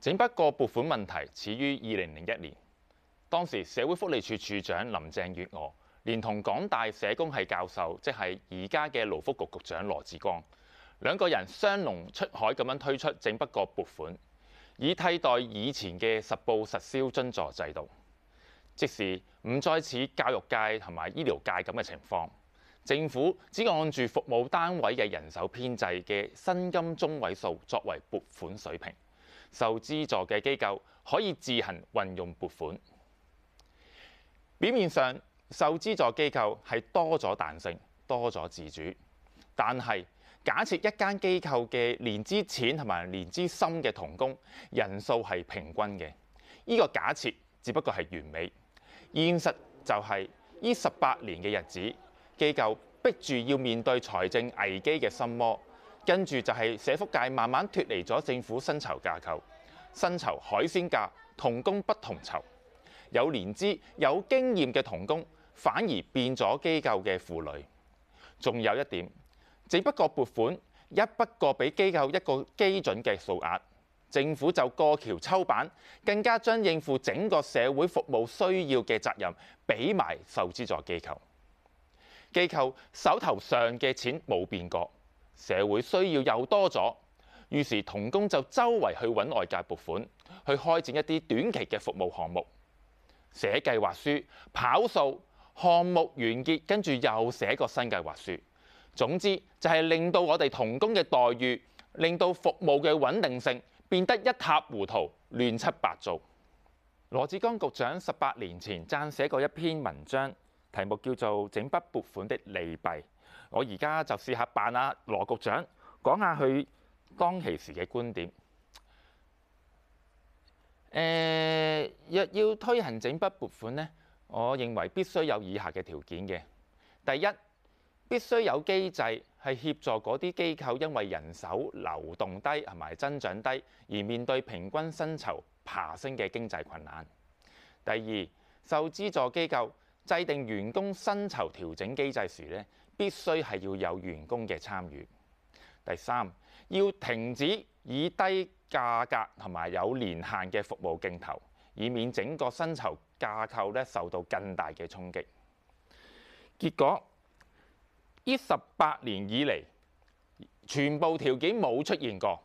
整筆過撥款問題始於二零零一年，當時社會福利署署長林鄭月娥連同港大社工系教授，即係而家嘅勞福局局長羅致光，兩個人雙龍出海咁樣推出整筆過撥款，以替代以前嘅實報實銷津助制度。即使唔再似教育界同埋醫療界咁嘅情況，政府只按住服務單位嘅人手編制嘅薪金中位數作為撥款水平。受資助嘅機構可以自行運用撥款。表面上，受資助機構係多咗彈性，多咗自主。但係，假設一間機構嘅年資淺同埋年資深嘅同工人數係平均嘅，呢個假設只不過係完美。現實就係呢十八年嘅日子，機構逼住要面對財政危機嘅心魔。跟住就係社福界慢慢脫離咗政府薪酬架構，薪酬海鮮價，同工不同酬，有年資有經驗嘅同工反而變咗機構嘅負累。仲有一點，整筆過撥款一筆過俾機構一個基準嘅數額，政府就過橋抽板，更加將應付整個社會服務需要嘅責任俾埋受資助機構，機構手頭上嘅錢冇變過。社會需要又多咗，於是同工就周圍去揾外界撥款，去開展一啲短期嘅服務項目，寫計劃書、跑數，項目完結，跟住又寫個新計劃書。總之就係令到我哋同工嘅待遇，令到服務嘅穩定性變得一塌糊塗、亂七八糟。羅致光局長十八年前撰寫過一篇文章，題目叫做《整筆撥款的利弊》。我而家就試下辦啦、啊，羅局長講下佢當其時嘅觀點、呃。若要推行整筆撥款呢，我認為必須有以下嘅條件嘅。第一，必須有機制係協助嗰啲機構，因為人手流動低同埋增長低，而面對平均薪酬爬升嘅經濟困難。第二，受資助機構，制定員工薪酬調整機制時咧，必須係要有員工嘅參與。第三，要停止以低價格同埋有年限嘅服務競投，以免整個薪酬架構咧受到更大嘅衝擊。結果，呢十八年以嚟，全部條件冇出現過，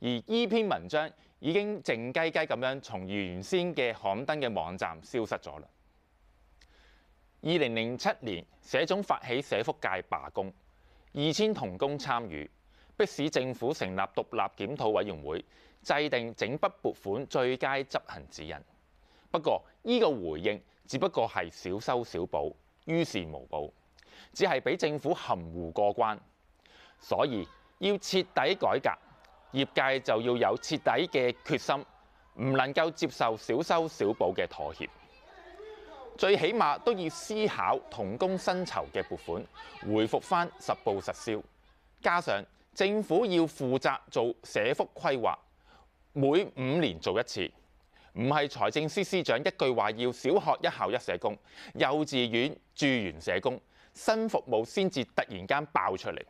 而呢篇文章已經靜雞雞咁樣從原先嘅刊登嘅網站消失咗啦。二零零七年，社總發起社福界罷工，二千同工參與，迫使政府成立獨立檢討委員會，制定整筆撥款最佳執行指引。不過，呢個回應只不過係小修小補，於事無補，只係俾政府含糊過關。所以，要徹底改革，業界就要有徹底嘅決心，唔能夠接受小修小補嘅妥協。最起碼都要思考同工薪酬嘅撥款，回復翻實報實銷，加上政府要負責做社福規劃，每五年做一次，唔係財政司司長一句話要小學一校一社工、幼稚園駐園社工，新服務先至突然間爆出嚟，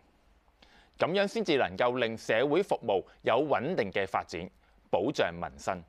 咁樣先至能夠令社會服務有穩定嘅發展，保障民生。